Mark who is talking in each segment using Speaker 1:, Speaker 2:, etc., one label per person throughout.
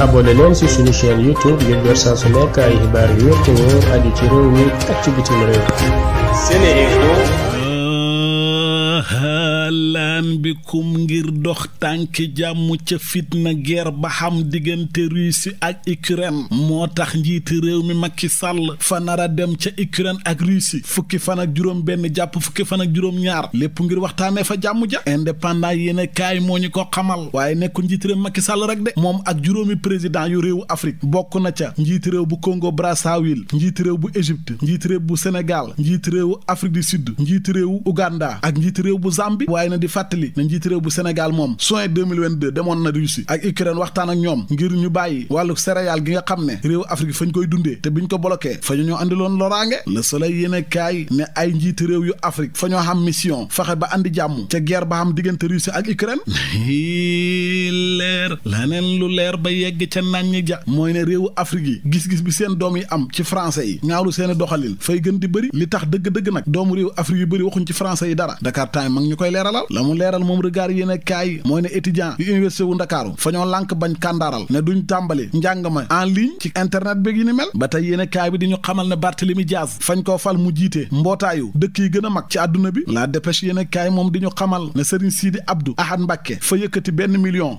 Speaker 1: abonné leen ci suñu chaîne YouTube ngir jot saa su nekk ay xibaar yu wér te ci réew mi ak ci bitim réew. waxtaan bi kum ngir dox tànk jàmm ca fitna guerre ba xam diggante Russie ak Ukraine moo tax njiiti réew mi Macky Sall fa nar dem ca Ukraine ak Russie fukki fan ak juróom benn jàpp fukki fan ak juróom lépp ngir waxtaanee fa jàmm ja indépendant yéen kaay moo ñu ko xamal waaye nekkul njiiti réew Macky Sall rek de moom ak juróomi président yu réewu Afrique bokk na ca njiiti réew bu Congo Brazzaville njiiti réew bu Égypte njiiti bu Sénégal njiiti réewu Afrique du Sud njiiti réewu Uganda ak njiiti réew bu Zambie waaye na di fàtt fàttali na njiit réew bu Sénégal moom juin 2022 demoon na Russie ak Ukraine waxtaan ak ñoom ngir ñu bàyyi wàllu céréale gi nga xam ne réew Afrique fañ koy dundee te biñ ko bloqué fa ñu ñoo andiloon loraange Le Soleil yéene kaay ne ay njiit réew yu Afrique fa ñoo xam mission fexe ba andi jàmm ca guerre ba xam diggante Russie ak Ukraine leer laneen lu leer ba yegg ca nàññi ja mooy ne réewu Afrique yi gis-gis bi seen doom yi am ci français yi ñaawlu seeni doxalin fay gën di bëri li tax dëgg-dëgg nag doomu réewu Afrique yu bëri waxuñ ci français yi dara Dakar Time mag ñu koy leeralal la mu leeral moom regard yéen kaay mooy ne étudiant yu université wu Ndakaaru fa ñoo lànk bañ kàndaaral ne duñ tàmbali njàng ma en ligne ci internet bi yi ni mel ba tey yéen kaay bi di ñu xamal ne Barthélemy Diaz fañ koo fal mu jiite mbootaayu dëkk yi gën a mag ci àdduna bi la dépêche yéen kaay moom di ñu xamal ne Serigne Sidi Abdou Ahad Mbacké fa yëkkati benn million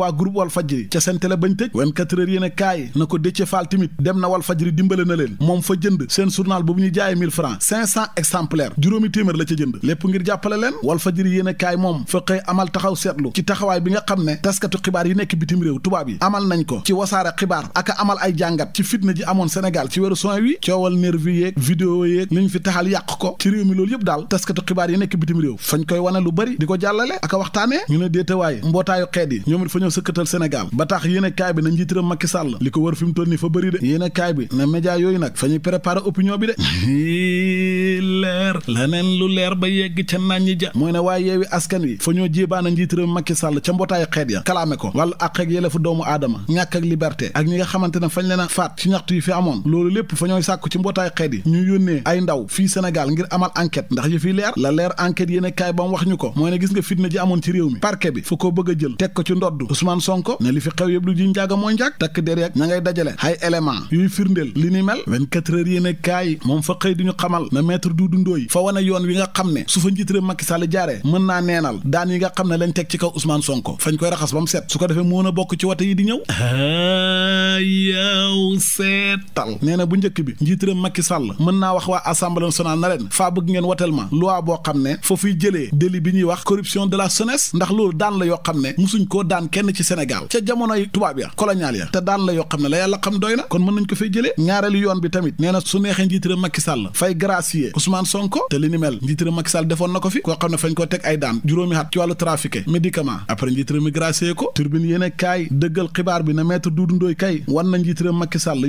Speaker 1: waa groupe wal fajri ca seen télé bañ tëj 24 heures yéen a kaay na ko Déthié Fall tamit dem na wal fajri dimbale na leen moom fa jënd seen journal bu ñu jaayee 1000 francs 500 exemplaires juróomi téeméer la ca jënd lépp ngir jàppale leen wal fajri yéen a kaay moom fa xëy amal taxaw seetlu ci taxawaay bi nga xam ne taskatu xibaar yi nekk bitim réew tubaab yi amal nañ ko ci wasaare xibaar ak amal ay jàngat ci fitna ji amoon Sénégal ci weeru soin wi coowal nervi yeeg vidéo fi taxal yàq ko ci réew loolu yëpp daal taskatu xibaar yi nekk bitim réew fañ koy wane lu bari di ko jàllale a sëkkatal Sénégal ba tax yéene kaay bi na njiitëram Macky Sall li ko war fi mu toll ni fa bëri de yéene kaay bi na média yooyu nag fa ñuy préparer opinion bi de leer leneen lu leer ba yegg ca naan ñi ja mooy ne waaye yeewi askan wi fa ñoo jéebaana njiitëram Macky Sall ca mbootaayu xeet ya kalaame ko wala àq ak fu doomu aadama ñàkk ak liberté ak ñi nga xamante ne fañ leen na faat ci ñaxtu yi fi amoon loolu lépp fa ñooy sàkku ci mbootaayu xeet yi ñu yónnee ay ndaw fii Sénégal ngir amal enquête ndax yëf yi leer la leer enquête yéene kaay ba mu wax ñu ko mooy ne gis nga fitna ji amoon ci réew mi parquet bi fa ko bëgg a jël teg ko ci ndodd Ousmane Sonko ne li fi xew yëpp lu ji njàgg mooy njàgg takk der ak ña ngay dajale ay élément yuy firndeel li ni mel 24 heures yéen kaay moom fa xëy di ñu xamal na maître Doudou Ndoye fa wane yoon wi nga xam ne su fa njiit réew Macky Sall mën naa neenal daan yi nga xam ne lañ teg ci kaw Ousmane Sonko fañ koy raxas ba mu set su ko defee moo na bokk ci wate yi di ñëw yow seetal nee na bu njëkk bi njiit réew Macky Sall mën naa wax waa assemblée nationale na leen faa bëgg ngeen watel ma loi xam ne fa fiy jëlee délit bi ñuy wax corruption de la jeunesse ndax loolu daan yoo xam ne musuñ koo daan kenn génn ci Sénégal ca jamonoy tubaab ya colonial ya te daan la yoo xam ne la yàlla xam doy na kon mën nañ ko fay jëlee ñaareelu yoon bi tamit nee na su neexee njiitëram Macky Sall fay gracier Ousmane Sonko te li ni mel njiitëram Macky Sall defoon na ko fi koo xam ne fañ ko teg ay daan juróomi at ci wàllu trafiqué médicament après njiitëram mi gracier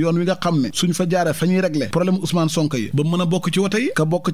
Speaker 1: yoon wi nga xam ne suñ fa jaare fa ñuy régler problème Sonko yi ba mën a bokk ci wote yi ka bokk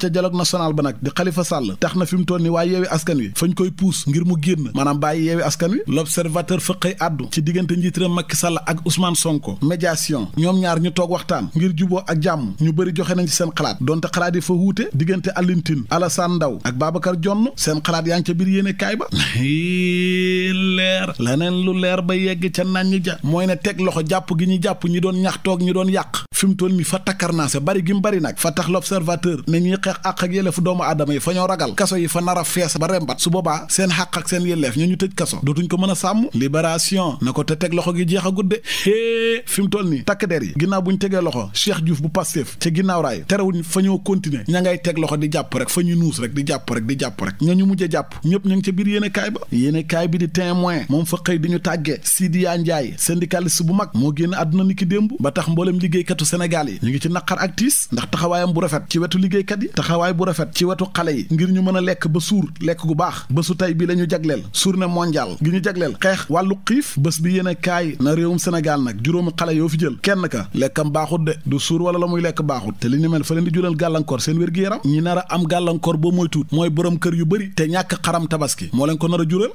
Speaker 1: gouverneur fa xëy àddu ci diggante njiit réew Macky ak usmaan Sonko médiation ñoom ñaar ñu toog waxtaan ngir juboo ak jàmm ñu bëri joxe nañ ci seen xalaat donte xalaat yi fa wuute diggante Alioune Tine Alassane Ndao ak Babacar jonn seen xalaat yaa ngi ca biir yéene kaay ba leer leneen lu leer ba yegg ca nañ ja mooy ne teg loxo jàpp gi ñu jàpp ñi doon ñaxtoog toog ñi doon yàq fi mu toll nii fa takkar naa se bari gi mu bari nag fa tax l'observateur ne ñuy xeex àq ak yelleefu doomu aadama yi fa ñoo ragal kaso yi fa nar a fees ba rembat su boobaa seen xàq ak seen yelleef ñu ñu tëj kaso dootuñ ko mën a sàmm libération na ko te teg loxo gi jeex a gudde hee fi mu toll nii takk der yi ginnaaw bu ñu tegee loxo Cheikh Diouf bu Pastef ca ginnaaw raay terewuñ fa ñoo continuer ña ngay teg loxo di jàpp rek fa ñu nuus rek di jàpp rek di jàpp rek ña ñu jàpp ñëpp ñu ngi ca biir yéene kaay ba yéene kaay bi di témoin moom fa xëy di ñu tàggee Sidiya Ndiaye syndicaliste bu mag moo génn àdduna niki démb ba tax mboolem liggéeykatu Sénégal yi ñu ngi ci naqar ak tiis ndax taxawaayam bu rafet ci wetu liggéeykat yi taxawaay bu rafet ci wetu xale yi ngir ñu mën a lekk ba suur lekk gu baax bésu tey bii la ñu jagleel journée mondiale gi ñu jagleel xeex wàllu xiif bés bi yéen a kaay na réewum Sénégal nag juróomi xale yoo fi jël kenn ka lekkam baaxut de du suur wala la muy lekk baaxut te li ni mel fa leen di jural gàllankoor seen wér gi yaram ñi nar a am gàllankoor boo moytuut mooy borom kër yu bëri te ñàkk xaram tabaski moo leen ko nar a jural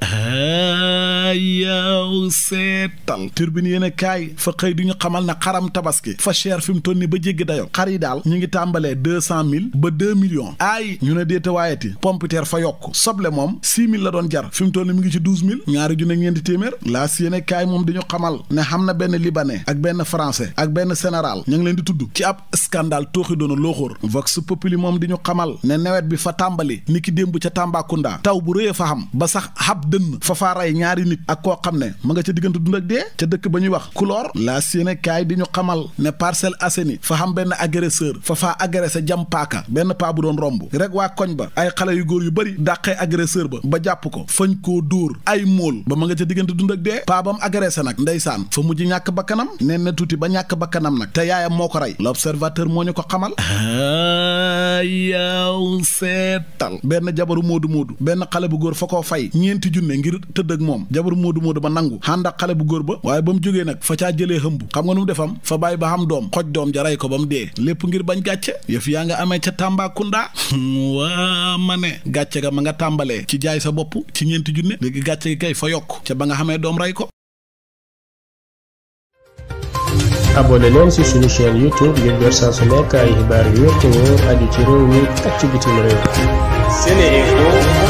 Speaker 1: yow seetal turbine yéen a kaay ñu xamal na xaram tabaski fa fi mu toll nii ba jéggi dayoo xar yi daal ñu ngi tàmbalee deux ba deux aay ñu ne déete waayeti pompiteer fa yokk soble moom six la doon jar fi mu toll mu ngi ci douze mille ñaari junne ñeenti téeméer laa si moom di ñu xamal ne xam na benn libanais ak benn français ak benn sénéral ñu leen di tudd ci ab scandale tooxi doona looxóor vox populi moom di ñu xamal ne nawet bi fa tàmbali ni ki démb ca Tambacounda taw bu rëyee fa xam ba sax xab dënn fa faa rey ñaari nit ak koo xam ne ma nga ca diggante dund ak dee Parcelles Assainies fa xam benn agresseur fa faa agressé jam paaka benn paa bu doon romb rek waa koñ ba ay xale yu góor yu bëri dàqee agresseur ba ba jàpp ko fañ koo dóor ay móol ba ma nga ca diggante dund ak dee paa ba mu agressé nag ndeysaan fa mujj ñàkk bakkanam neen na tuuti ba ñàkk bakkanam nag te yaayam moo ko rey l'observateur moo ñu ko xamal ah. reetal benn jabaru moodu moodu benn xale bu góor fa koo fay ñeenti junne ngir tëdd ak moom jabaru moodu moodu ba nangu xànd xale bu góor ba waaye ba mu jógee nag fa caa jëlee hëmb xam nga nu mu defam fa bàyyi ba xam doom xoj doom ja rey ko ba mu dee lépp ngir bañ gàcce yëf yaa nga amee ca Tambacounda waa ma ne gàcce ga ma nga tàmbalee ci jaay sa bopp ci ñeenti junne léegi gàcce gi kay fa yokk ca ba nga xamee doom rey ko abonné leen ci suñu chaîne YouTube ngir jot saa su nekk ay yu wér te wóor aju ci réew mi ak